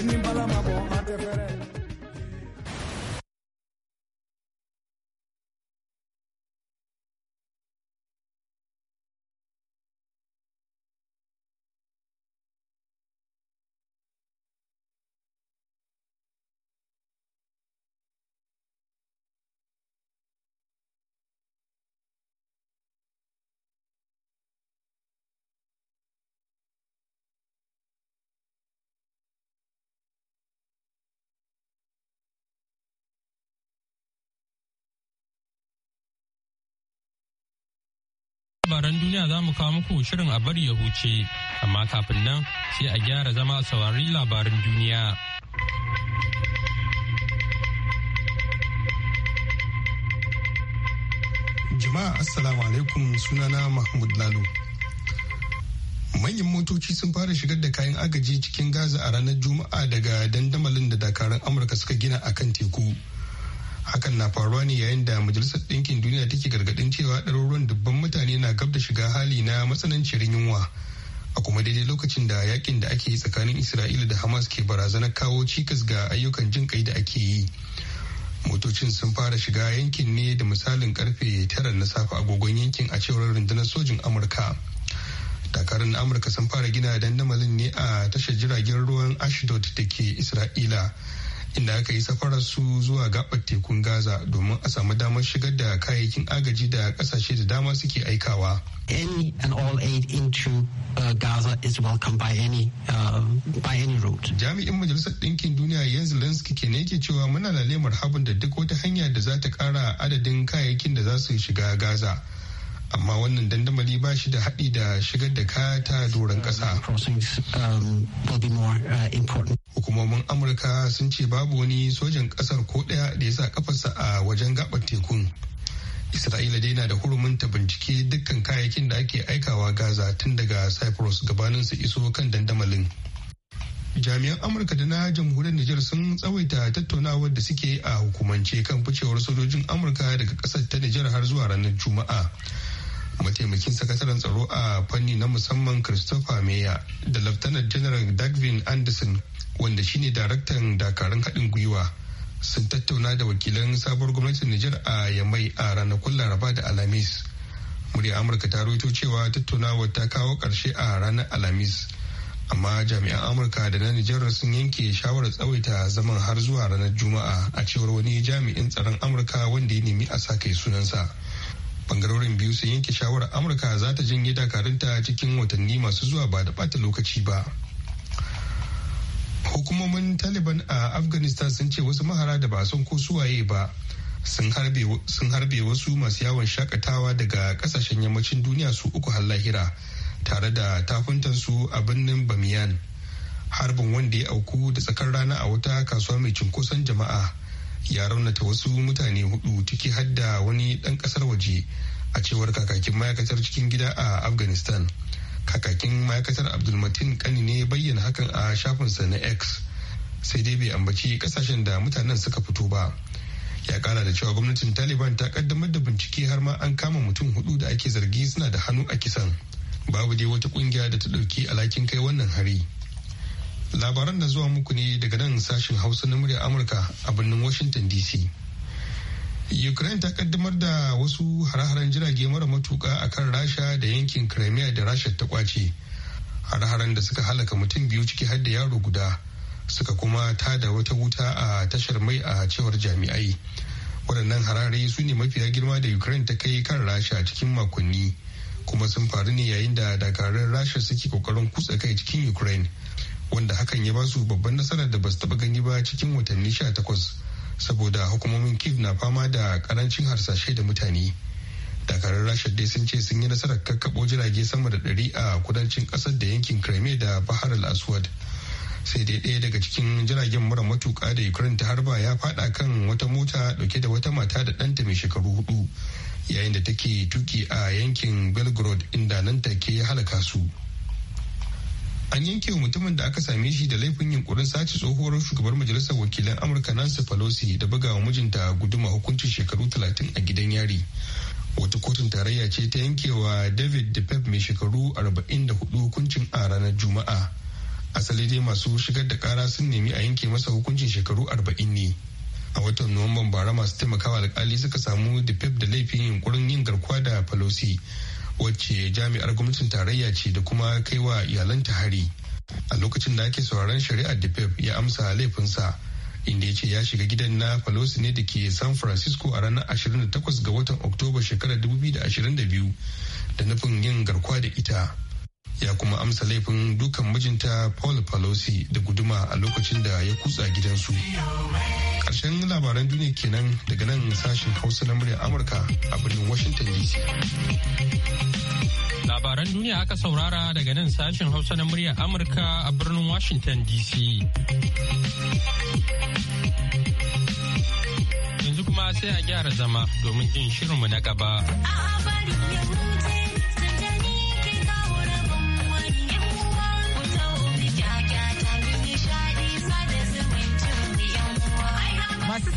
Emi mbala mabo labaran duniya za mu kawo muku shirin a bari ya huce, amma kafin nan sai a gyara zama a saurari labaran duniya. Jama'a Assalamu alaikum sunana Mahmud lalu. Manyan motoci sun fara shigar da kayan agaji cikin Gaza a ranar Juma'a daga dandamalin da dakarun Amurka suka gina a kan teku. hakan na faruwa ne yayin da majalisar ɗinkin duniya take gargaɗin cewa ɗaruruwan dubban mutane na gab da shiga hali na matsananciyar yunwa a kuma daidai lokacin da yakin da ake yi tsakanin isra'ila da hamas ke barazanar kawo cikas ga ayyukan jin kai da ake yi motocin sun fara shiga yankin ne da misalin karfe tara na safe agogon yankin a cewar rundunar sojin amurka takarar amurka sun fara gina dandamalin ne a tashar jiragen ruwan ashdod da ke isra'ila inda aka yi safarar su zuwa gabar tekun gaza domin a samu damar shigar da kayayyakin agaji da kasashe da dama suke aikawa any and all aid into uh, Gaza is welcome by any uh, by any route. Jami'in Majalisar Ɗinkin Duniya yanzu Zelensky ke ne cewa muna lemar habin da duk wata hanya da za ta ƙara adadin kayayyakin da za su shiga Gaza. Amma wannan dandamali ba shi da haɗi da shigar da kaya ta doron ƙasa. hukumomin amurka sun ce babu wani sojan kasar ko daya da ya sa kafarsa a wajen gabar tekun isra'ila dai na da hurumin ta bincike dukkan kayayyakin da ake aikawa gaza tun daga cyprus gabanin su iso kan dandamalin jami'an amurka da na jamhuriyar niger sun tsawaita tattaunawar da suke a hukumance kan ficewar sojojin amurka daga kasar ta niger har zuwa ranar juma'a mataimakin sakataren tsaro a fanni na musamman christopher meya da laftanar general dagvin anderson wanda shine daraktan dakarun haɗin gwiwa sun tattauna da wakilan sabuwar gwamnatin Nijar a Yamai a ranakun Laraba da Alhamis. Murya Amurka ta rawaito cewa tattaunawa ta kawo ƙarshe a ranar Alhamis. Amma jami'an Amurka da na Nijar sun yanke shawarar tsawaita zaman har zuwa ranar Juma'a a cewar wani jami'in tsaron Amurka wanda ya nemi a sa kai sunansa. Bangarorin biyu sun yanke shawarar Amurka za ta janye dakarunta cikin watanni masu zuwa ba da ɓata lokaci ba. hukumomin taliban a afghanistan sun ce wasu mahara da ba san ko suwaye ba sun harbe wasu masu yawon shakatawa daga kasashen yammacin duniya su uku har lahira tare da tafuntansu a birnin bamiyan harbin wanda ya auku da tsakar rana a wata kasuwa mai cunkoson jama'a ya raunata wasu mutane hudu ciki hadda wani dan kasar waje a cewar kakakin ma'aikatar cikin gida a afghanistan kakakin ma'aikatar abdulmatin kani ne bayyana hakan a shafinsa na x sai dai bai ambaci kasashen da mutanen suka fito ba ya kara da cewa gwamnatin taliban ta kaddamar da bincike har ma an kama mutum hudu da ake zargi suna da hannu a kisan babu dai wata kungiya da ta dauki alhakin kai wannan hari labaran da zuwa muku ne daga nan sashen hausa na murya amurka a birnin washington dc Ukraine ta kaddamar da wasu hare jirage mara matuka a kan Rasha da yankin Crimea da Rasha ta kwace. hare da suka halaka mutum biyu ciki har da yaro guda suka kuma ta da wata wuta a tashar mai a cewar jami'ai. Waɗannan harare su ne mafiya girma da Ukraine ta kai kan Rasha cikin makonni kuma sun faru ne yayin da dakarun Rasha suke kokarin kutsa kai cikin Ukraine wanda hakan ya ba su babban nasarar da ba su taɓa gani ba cikin watanni sha takwas. saboda hukumomin kiv na fama da karancin harsashe da mutane takarar rasha dai sun ce sun yi nasarar kakkaɓo jirage sama da ɗari a kudancin ƙasar da yankin crimea da bahar al-aswad sai dai ɗaya daga cikin jiragen mara matuka da ukraine ta harba ya faɗa kan wata mota ɗauke da wata mata da ɗanta mai shekaru hudu yayin da take tuki a yankin belgrade inda nan take ya halaka su. an yanke wa mutumin da aka same shi da laifin yunkurin sace tsohuwar shugabar majalisar wakilan amurka nancy pelosi da buga wa mijinta guduma hukuncin shekaru talatin a gidan yari wata kotun tarayya ce ta yankewa david depep mai shekaru 44 hukuncin a ranar juma'a asali dai masu shigar da kara sun nemi a yanke masa hukuncin shekaru arba'in ne a watan nuwamban bara masu taimakawa alkali suka samu depep da laifin yunkurin yin garkuwa da pelosi wacce jami'ar gwamnatin tarayya ce da kuma kai kaiwa iyalanta hari a lokacin da ake sauraron shari'ar pep ya amsa laifinsa inda ya ce ya shiga gidan na pelosi ne da ke san francisco a ranar 28 ga watan oktoba shekarar 2022 da nufin yin garkuwa da ita ya kuma amsa laifin dukan mijinta paul pelosi da guduma a lokacin da ya kutsa gidansu ƙarshen labaran duniya kenan daga nan sashen hausa na muryar amurka a birnin labaran duniya aka saurara daga nan sashen Hausa na muryar Amurka a birnin Washington DC. Yanzu kuma sai a gyara zama domin jin shirinmu na gaba. a bari ya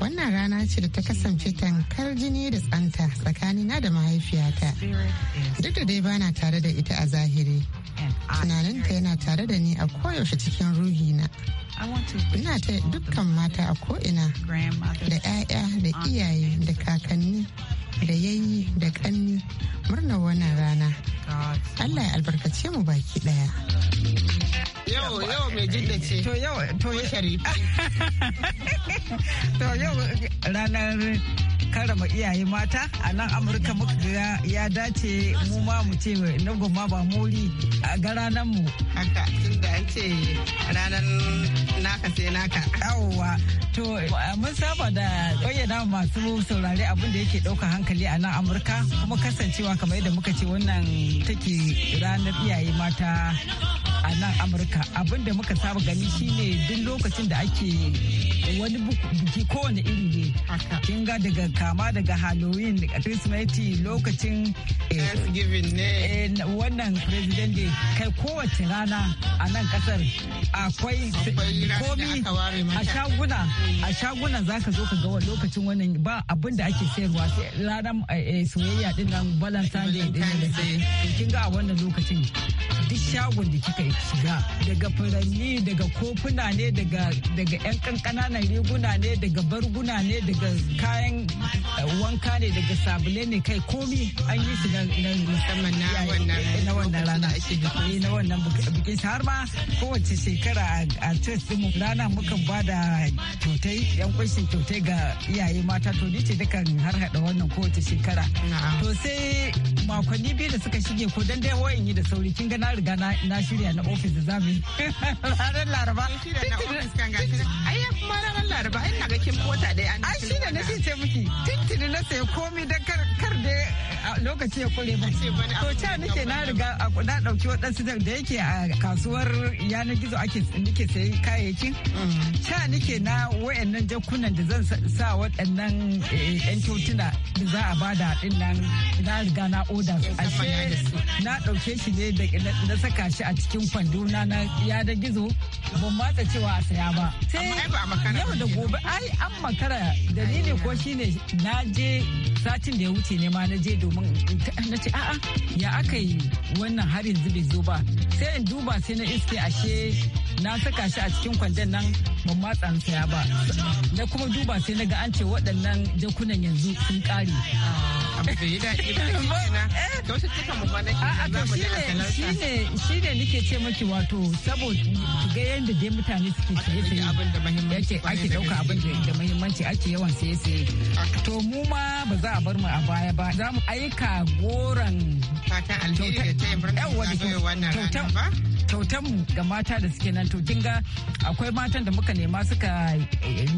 wannan rana ce da ta kasance tankar jini da tsanta tsakanina da mahaifiyata duk da dai bana tare da ita a zahiri tunaninta yana tare da ni a koyaushe cikin ruhina ina ta dukkan mata a ko'ina da 'ya'ya da iyaye da kakanni da yayi da kanni murnar wannan rana allah ya albarkace mu baki daya yau yau mai to yau to To yau ranar karama iyaye mata a nan Amurka muka ya dace mu ma mu ce na goma ba mori a ga ranar mu. Haka tun da an ce ranar naka sai naka. Yawwa to mun saba da bayyana masu saurari abin da yake ɗauka hankali a nan Amurka kuma kasancewa kamar yadda muka ce wannan take ranar iyaye mata a nan amurka abin da muka saba gani shine duk lokacin da ake wani buki kowane iri ne kin ga daga kama daga halloween kirsimeti lokacin eh, thanksgiving ne eh, wannan president day kai kowace rana a nan kasar akwai komi a shaguna a shaguna zaka zo ka ga lokacin wannan ba abin da ake sayarwa sai ranar eh, soyayya din nan balance day din da kin ga a wannan lokacin duk shagon da kika daga daga furanni daga kofuna ne daga daga yan kankananan riguna ne daga barguna ne daga kayan eh, wanka ne daga sabule ne kai komi an yi su na musamman na wannan eh, rana ake eh, na wannan bikin har ma kowace shekara a church din rana mukan ba da kyautai yan kunshin kyautai ga iyaye mata to ni ce dukan har hada wannan kowace shekara to sai makonni biyu da suka shige ko dan dai wayan yi da sauri kin ga na riga na shirya na ofis da zamu ranar laraba shirya na ofis kan shirya ai kuma ranar laraba na ga kin mota dai an ai shine na ce miki tintini na sai komai dan kar dai lokaci ya kure ba. To ca nake na riga na ɗauki waɗansu da yake a kasuwar yanar gizo ake nake sayi kayayyakin. Ca nake na wayannan jakunan da zan sa waɗannan yan eh, tutuna da za a bada ɗin nan na riga na oda su. Ashe na ɗauke shi ne da na saka shi a cikin kwando na yanar gizo ban matsa cewa a saya ba. Sai yau da gobe ai an makara dalili ko shine na je satin da ya wuce ne ma na je domin na ce a'a ya aka yi wannan har yanzu bai zo ba sai in duba sai na iske ashe na saka shi a cikin kwandon nan ban matsa saya ba na kuma duba sai na ga an ce waɗannan jakunan yanzu sun ƙare. Eh. shi ne nike ce maki wato saboda ga yadda dai mutane suke saye saye ake ɗauka abin da mahimmanci ake yawan saye saye to mu ma ba za za a bar mu a baya ba za mu aika goron alheri kyautan mu ga mata da suke nan to kin ga akwai matan da muka nema suka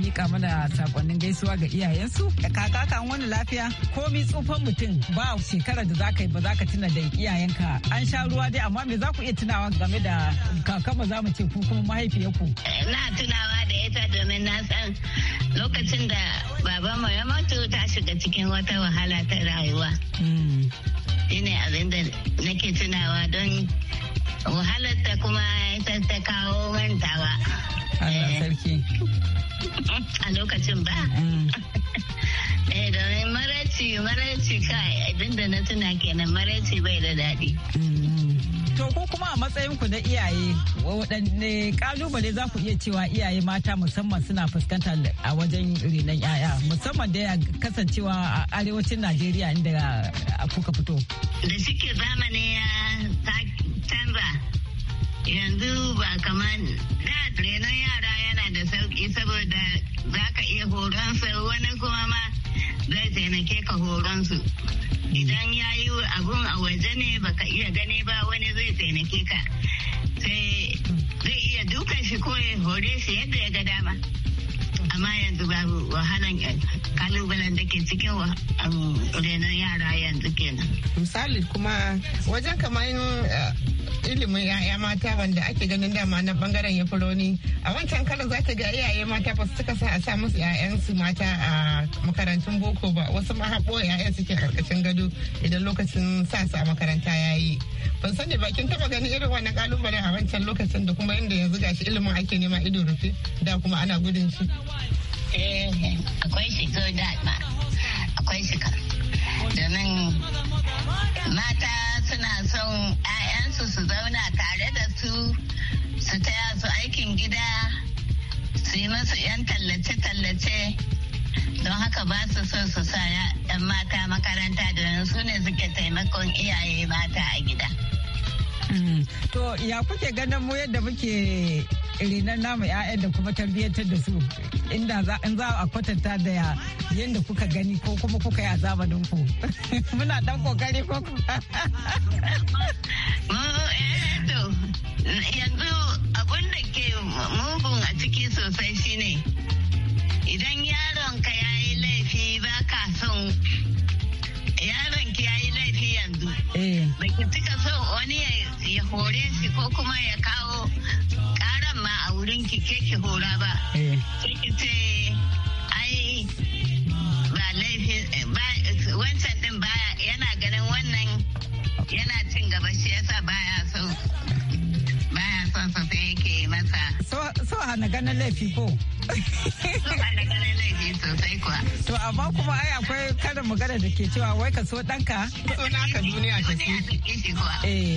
mika mana sakonnin gaisuwa ga iyayensu da kaka kan wani lafiya komi tsufan mutum ba shekarar da zaka yi ba zaka tuna da iyayenka an sha ruwa dai amma me za ku iya tunawa game da kaka za mu ce ku kuma mahaifiyarku na tunawa ita domin na san lokacin da babanmu ya mutu ta shiga cikin wata wahala ta rayuwa. Hmm. shine abin da nake tunawa don wahalar ta kuma ita ta kawo mantawa. Eh. A lokacin ba. Hmm. Eh domin maraci maraci kai abin da na tuna kenan maraci bai da daɗi. Hmm. To ko kuma a matsayin ku na iyaye waɗanne kalubale za ku iya cewa iyaye mata musamman suna fuskanta a wajen renon 'ya'ya musamman da ya kasancewa a arewacin Najeriya inda kuka fito. Da ke zamani ya canza yanzu ba kamar da renon yara yana da sauki saboda za ka iya horon su wani kuma ma zai taimake ka horon su. idan ya yi abun a waje ne baka iya gani ba wani zai taimake ka sai zai iya dukan shi ko ya hore shi yadda ya ga dama amma yanzu babu wahalan eh, kalubalen da ke cikin um, renon yara yanzu kenan. misali kuma wajen kamar eh, ilimin 'ya'ya mata wanda ake ganin dama na bangaren ya ne a wancan kalan za ta ga iyaye mata ba su suka sa a sa musu 'ya'yansu mata a makarantun boko ba wasu ma haɓo 'ya'yan suke karkashin gado idan lokacin sa su a makaranta ya yi ban sani ba kin taba ganin irin wannan kalubale a wancan lokacin da kuma inda yanzu gashi ilimin ake nema ido rufe da kuma ana gudun shi eh, eh, akwai shi da akwai shi domin mata suna son 'ya'yansu su zauna tare da su su taya su aikin gida su yi masu 'yan tallace-tallace don haka ba su so su sa 'yan mata makaranta da su ne suke taimakon iyaye mata a gida. To ya kuke ganin mu yadda muke rinan namu 'ya'yan da kuma tarbiyyantar da su inda za a kwatanta da yadda kuka gani ko kuma kuka yi a zamanin ku. Muna dan kokari ko kuma. Eh, yanzu abun da ke mugun a ciki sosai shine idan yaron ka ya yi laifi ba ka son yaron ki ya yi laifi yanzu. Eh. Ba ki cika son wani ya hore shi ko kuma ya kawo karan ma a wurin ki ke ki hora ba eh. sai ce ai ba laifin eh, wancan din baya yana ganin wannan yana cin gaba shi yasa baya so baya son sa sai yake masa so hana ganin laifi ko so na ganin laifi sosai kuwa to amma kuma ai akwai karin magana da ke cewa wai ka so danka so naka duniya ta ce eh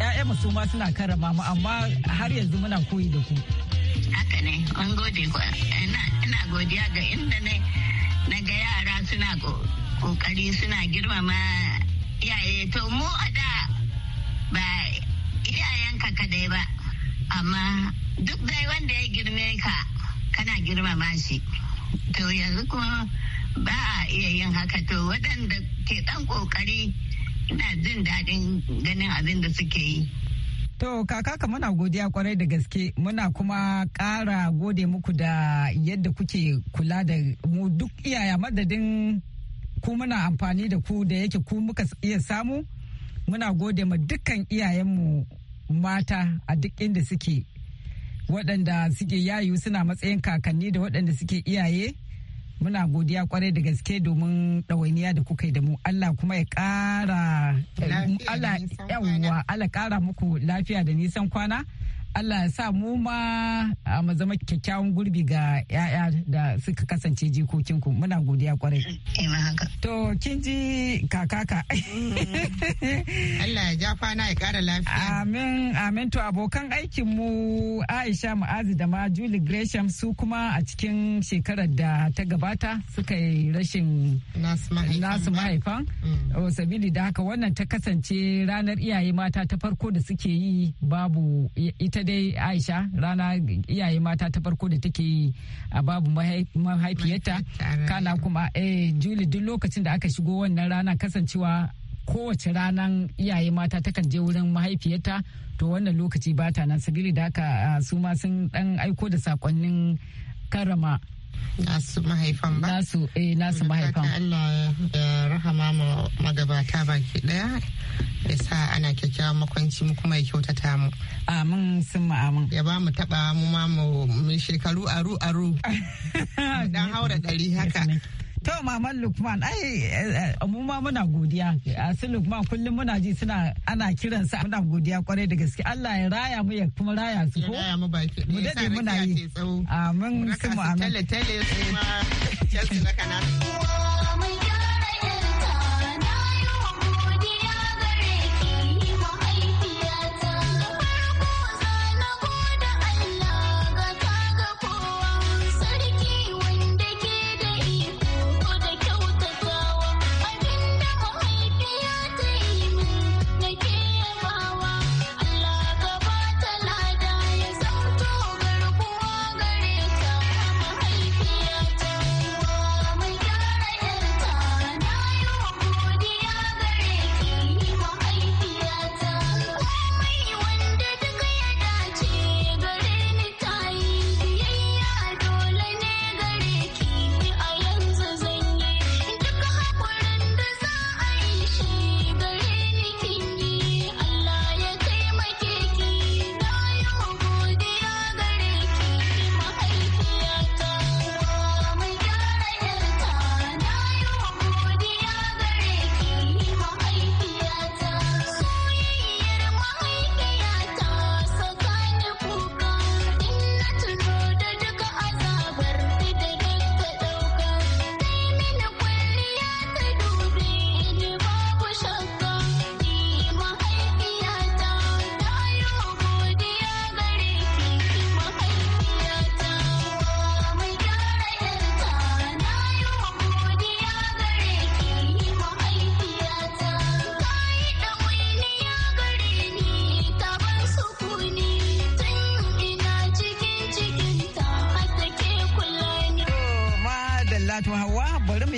yaya su ma suna karama mu amma har yanzu muna koyi da ku haka ne an gode ina godiya ga inda ne na ga yara suna kokari suna girmama iyaye to mu a da ba iyayenka kadai ba amma duk dai wanda ya girme ka kana girmama shi to yanzu kuma ba a iya yin haka to waɗanda ke ɗan ƙoƙari ina jin daɗin ganin abin da suke yi To kakaka muna godiya kwarai da gaske muna kuma ƙara gode muku da yadda kuke kula da mu duk iyaya madadin ku muna amfani da ku da yake ku muka iya samu muna gode ma dukkan iyayenmu mata a duk inda suke waɗanda suke yayu suna matsayin kakanni da waɗanda suke iyaye muna godiya kwarai da gaske domin ɗawainiya da kuka yi da mu Allah kuma ya ƙara eh, Allah ya kara ƙara muku lafiya da nisan kwana Allah ya sa mu ma a mazama kyakkyawan gurbi ga 'ya'ya da suka kasance jikokinku muna godiya kwarai. Eh, to kin ji kakaka. Allah ya ja fana ya kara lafiya. Amin amin to abokan aikin mu Aisha Mu'azu da ma Julie Gresham su kuma a cikin shekarar da ta gabata suka yi rashin nasu mahaifan. Mm. Oh, sabili da haka wannan ta kasance ranar iyaye mata ta farko da suke yi babu ita ita dai aisha rana iyaye mata ta farko da take yi a babu mahaifiyarta kana kuma eh juli duk lokacin da aka shigo wannan rana kasancewa kowace ranar iyaye mata takan je wurin mahaifiyarta to wannan lokaci ba ta nan sabili da aka ah, su ma sun dan aiko da sakonnin karama nasu mahaifan ba nasu eh nasu mahaifan Allah ya rahama mu magabata baki daya ya sa ana kyakkyawan makwanci mu kuma ya kyautata mu amin sun mu amin ya ba mu taba mu ma mu shekaru aru aru dan haura dari haka To Maman Lukman, ai eh, eh, mu ma muna godiya. Ah, su Lukman kullum muna ji suna ana kiran sa muna godiya kwarai da gaske. Allah ya raya mu ya kuma raya su ko. raya Mu dade muna yi. Amin su mu amin. Tele tele su ma Chelsea na kana.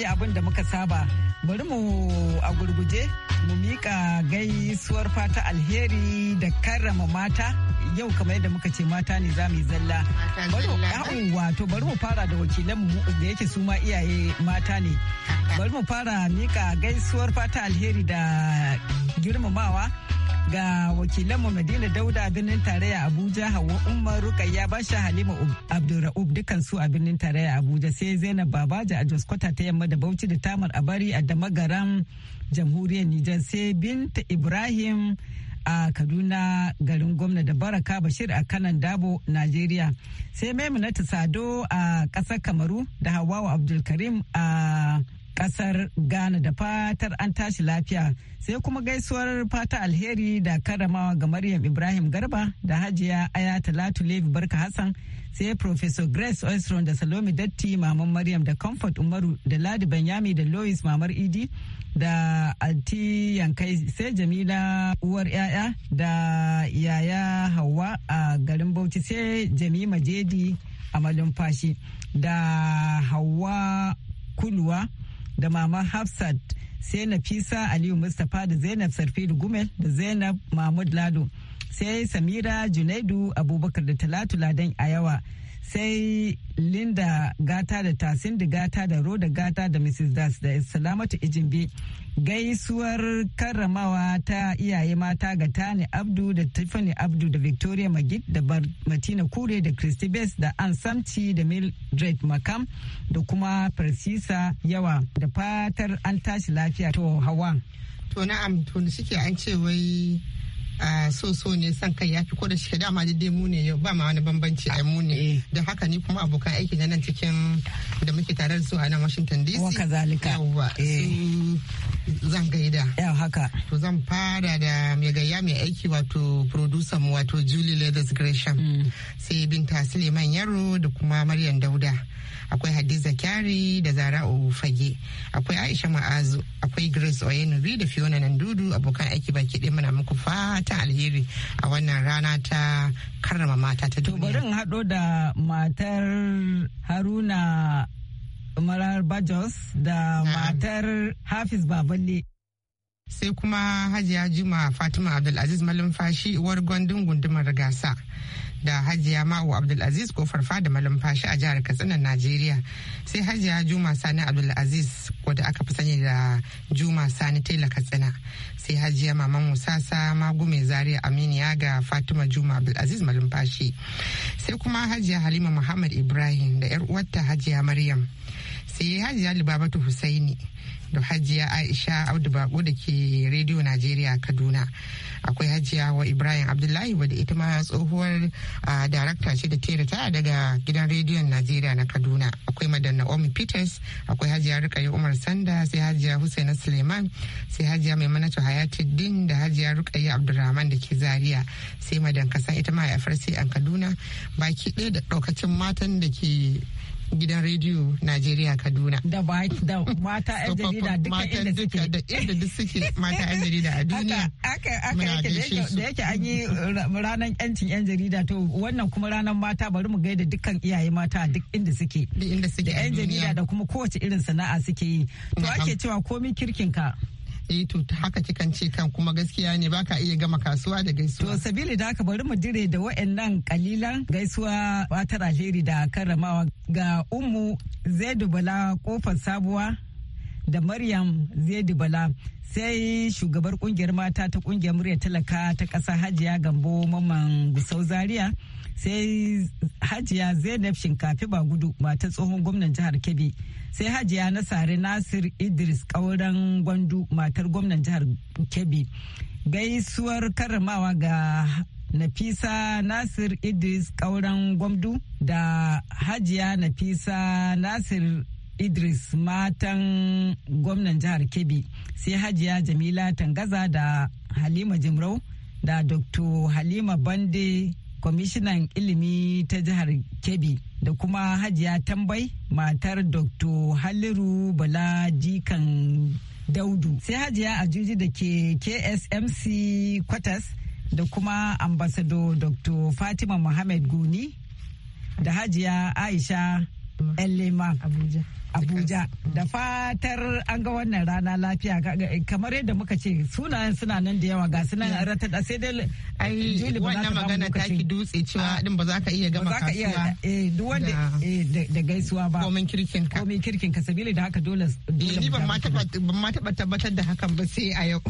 shine abin da muka saba bari mu a gurguje mu miƙa gaisuwar fata alheri da karrama mata yau kamar yadda muka ce mata ne za mu yi zalla wato bari mu fara da wakilan mu da yake su ma iyaye mata ne bari mu fara miƙa gaisuwar fata alheri da girmamawa ga wakilanmu Madina Dauda a birnin tarayya Abuja Hauwa Umar Rukayya Basha Halima Abdulra'ub dukan su a birnin tarayya Abuja sai Zainab Babaji a Jos ta yamma da Bauchi da Tamar bari a Damagaram Jamhuriyar Nijar sai Binta Ibrahim a Kaduna garin gwamna da Baraka Bashir a kanan Dabo Najeriya sai Maimunatu Sado a ƙasar Kamaru da Hawawa Abdulkarim a kasar Ghana da fatar an tashi lafiya sai kuma gaisuwar fata alheri da karamawa ga Maryam Ibrahim Garba da Hajiya Aya Talatu Levi Barka Hassan sai Professor Grace Oisron da Salome Datti Maman Maryam da Comfort Umaru da Ladi Banyami da Lois Mamar Idi da Alti Yankai sai Jamila uwar yaya da yaya hawa a garin Bauchi sai Jamima Jedi a malumfashi da hawa Kuluwa da Maman Hafsat sai Nafisa Aliyu Mustapha da Zainab Sarfidu Gumel da Zainab Mahmud Lado sai Samira Junaidu Abubakar da Talatu Ladan Ayawa. sai linda gata da tasin da gata da roda gata da mrs das da salamatu ijimbi gaisuwar karramawa ta iyaye mata ga tani abdu da tiffany abdu da victoria magid da martina kure da christy best da an samci da mildred makam da kuma farsisa yawa da fatar an tashi lafiya to hawa to na'am to suke an ce wai so so ne san kai yafi ko da shi dama dai mu ne yau ba ma wani bambanci ai mu ne eh. da haka ni kuma abokan aiki na nan cikin da muke tare da su a nan Washington DC wa kazalika yawa eh. zan gaida yau haka to zan fara da mai gayya mai aiki wato producer mu wato Julie Leathers Gresham mm. sai Binta Suleiman Yaro da kuma Maryam Dauda akwai hadiza kyari da zara fage akwai aisha ma'azu akwai grace oyenubi da fiona nandudu abokan aiki baki ɗaya muna muku fata alheri a wannan rana ta karrama mata ta duniya. bari haɗo da matar haruna marar bajos da matar hafiz baballe sai kuma hajiya juma fatima abdulaziz malumfashi uwar gwandun gundumar gasa da hajiya ma'u abdulaziz kofar fada malumfashi a jihar katsina najeriya sai hajiya juma sani abdulaziz wadda aka fi sani da juma sani tela katsina sai hajiya maman musasa magume zaria aminiya ga fatima juma abdulaziz malumfashi sai kuma hajiya halima muhammad ibrahim da yar uwarta hajiya maryam sai hajiya libabatu husaini da hajiya aisha abdu bako da ke rediyo najeriya kaduna akwai hajiya wa ibrahim abdullahi wadda ita ma tsohuwar darakta ce da ta daga gidan rediyon najeriya na kaduna akwai madanna naomi peters akwai hajiya rukayi umar sanda sai hajiya husaina suleiman sai hajiya mai maimunatu din da hajiya rukayi abdulrahman da ke zaria sai madan kasan ita ma a kaduna baki ɗaya da ɗaukacin matan da ke gidan rediyo Najeriya Kaduna. Da mata 'yan jarida duka inda suke. Da inda duk suke mata 'yan jarida a duniya. Aka yake da yake an yi ranar 'yancin 'yan jarida to wannan kuma ranar mata bari mu gaida dukkan iyaye mata duk inda suke. Da inda suke. Da 'yan jarida da kuma kowace irin sana'a suke yi. To ake cewa komi kirkin ka. eh to haka kikan ce kan kuma gaskiya ne baka iya gama kasuwa da gaisuwa to sabili da aka bari mu dire da waɗannan kalilan gaisuwa fatar alheri da karramawa ga ummu zaidu bala kofar sabuwa da Maryam zaidu Bala sai shugabar kungiyar mata ta kungiyar murya talaka ta kasa Hajiya Gambo mamman Gusau Zaria sai hajiya zainab shinkafi ba gudu mata tsohon gwamnan jihar kebbi sai hajiya nasari nasir idris kauran gwandu matar gwamnan jihar kebbi gaisuwar karramawa ga nafisa nasir idris kauran gwamdu da hajiya nafisa nasir idris matan gwamnan jihar kebbi sai hajiya jamila tangaza da halima jimrau da dr halima bande kwamishinan ilimi ta jihar kebbi da kuma hajiya tambai matar dr haliru bala jikan daudu sai hajiya ajuji da ke ksmc kwatas da kuma ambasado dr fatima muhammad guni da hajiya aisha elema abuja Abuja da fatar an ga wannan rana lafiya kamar yadda muka ce sunayen suna nan da yawa ga su nan ratata sai dai ai eh, wannan magana ta ki dutse cewa ah. din ba za ka iya gama kasuwa eh duk wanda eh, da gaisuwa ba komin kirkin ka komai kirkin ka sabili da haka dole eh, ni ban ma taba ban ma taba tabbatar da hakan ba sai a yau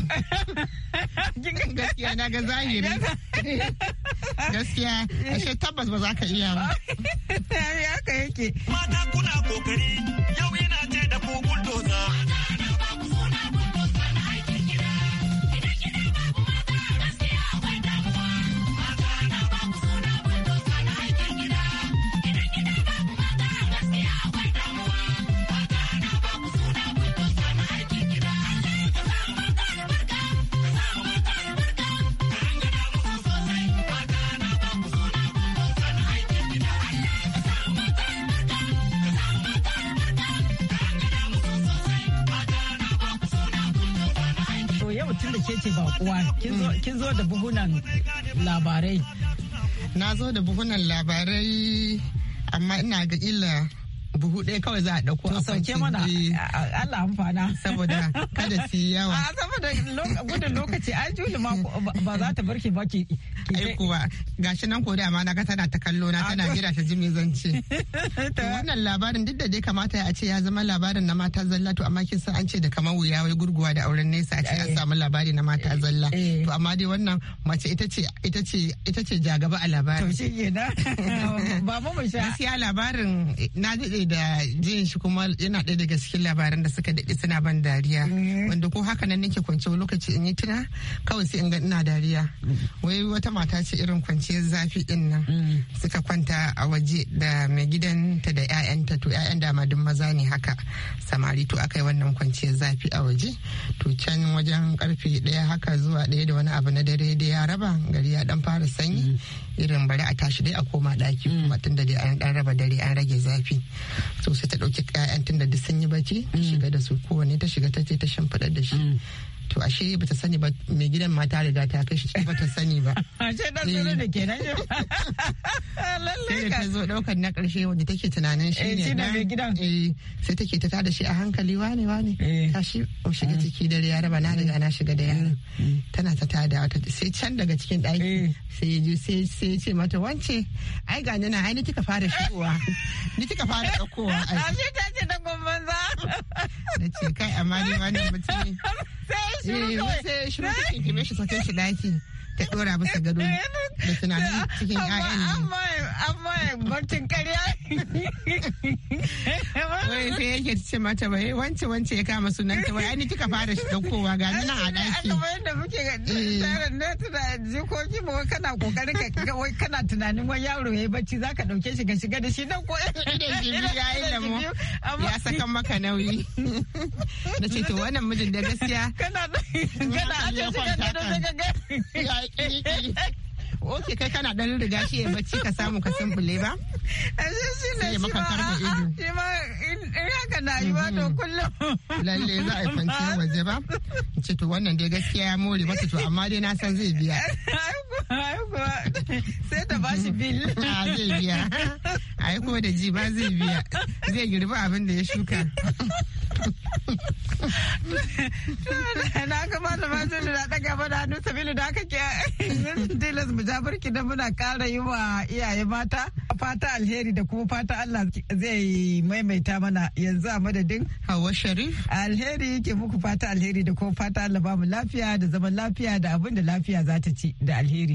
gaskiya na ga zahiri gaskiya ashe tabbas ba za ka iya ba haka yake mata kuna kokari yau yana ce da ku bulldozer ce bakuwa kin zo da buhunan labarai na zo da buhunan labarai amma ina ga ila buhu ɗaya kawai za a ɗauko a sauke mana eh. Allah amfana saboda kada su yi yawa a da gudun lokaci ai juli ma ba za ta barke ba ki ai eh, kuwa gashi nan ko da ma na ga tana ta kallo na tana jira ta ji me zan ce wannan labarin duk da dai kamata a ce ya zama labarin na mata zalla to amma kin san an ce da kamar wuya wai gurguwa da auren nesa a ce an eh. samu labari na mata eh. zalla to amma dai wannan mace ita ce ita ce ita ce jagaba a labarin to shi ba mu mu sha gaskiya labarin na dade da jin shi kuma yana ɗaya daga cikin labaran da suka dade suna ban dariya wanda ko haka nan nake kwance lokaci in yi tuna kawai sai in ga ina dariya wai wata mata ce irin kwanciyar zafi din nan mm. suka kwanta a waje da mai gidanta da 'ya'yanta to 'ya'yan dama duk maza ne haka samari to aka yi wannan kwanciyar zafi a waje to can wajen karfe daya haka zuwa daya da wani abu na dare da ya raba gari ya dan fara sanyi mm. irin bari a tashi dai a koma daki mm. kuma tunda dai an raba dare an rage zafi sosai ta dauki 'ya'yan tunda duk sun yi bacci ta shiga da su kowanne ta shiga ta ce ta shimfiɗa da shi mm. to ashe bata sani ba mai gidan mata riga ta kai shi bata sani ba ashe dan tsoro eh. da kenan ne lalle ka zo daukar na karshe wanda take tunanin shi eh, ne da mai gidan eh sai take ta tada shi a hankali wane wane eh. ta shi shiga ah. ciki dare ya raba na riga na shiga da yaro tana ta tada ta sai can daga cikin daki sai ya sai sai ya ce mata wance ai ga nan ai ni kika fara shigowa ni kika fara daukowa ashe ta ce da gumban za na ce kai amma ni wani mutum Eh, sai shiru ta eh? kinkime shi sakin shi daki ta dora bisa gado eh, da tunanin cikin 'ya'yan amma amma barcin karya wai sai yake ce mata bai wance wance ya kama sunan ta wai ni kika fara shi daukowa ga nan a daki Allah da muke ga eh. tarin na tuna jikoki ba wai kana kokarin ka wai kana tunanin wai yaro yayi bacci zaka dauke shi ka shiga da shi dan ko da shi ya yi da mu ya saka maka nauyi na ce to wannan mijin da gaskiya kana kana a cikin da ga ya Oke kai kana dan riga shi ya bacci ka samu ka sumbule ba? A shi shi ne shi a ah, shi ba in haka na yi ba to kullum. Lalle za a yi fanci ah. waje ba? Ce to wannan dai gaskiya ya more masa to amma dai na san zai biya. Sai ta bashi bil. A ah, zai biya. yi ko da ji ba zai biya. Zai girbi abin da ya shuka. na kamata ma na da daga mana hannu sabili da aka ke tilas mu ja barki da muna kara yi wa iyaye mata fata alheri da kuma fata Allah zai maimaita mana yanzu a madadin Hawa Sharif alheri ke muku fata alheri da kuma fata Allah ba mu lafiya da zaman lafiya da abin da lafiya za ta ci da alheri.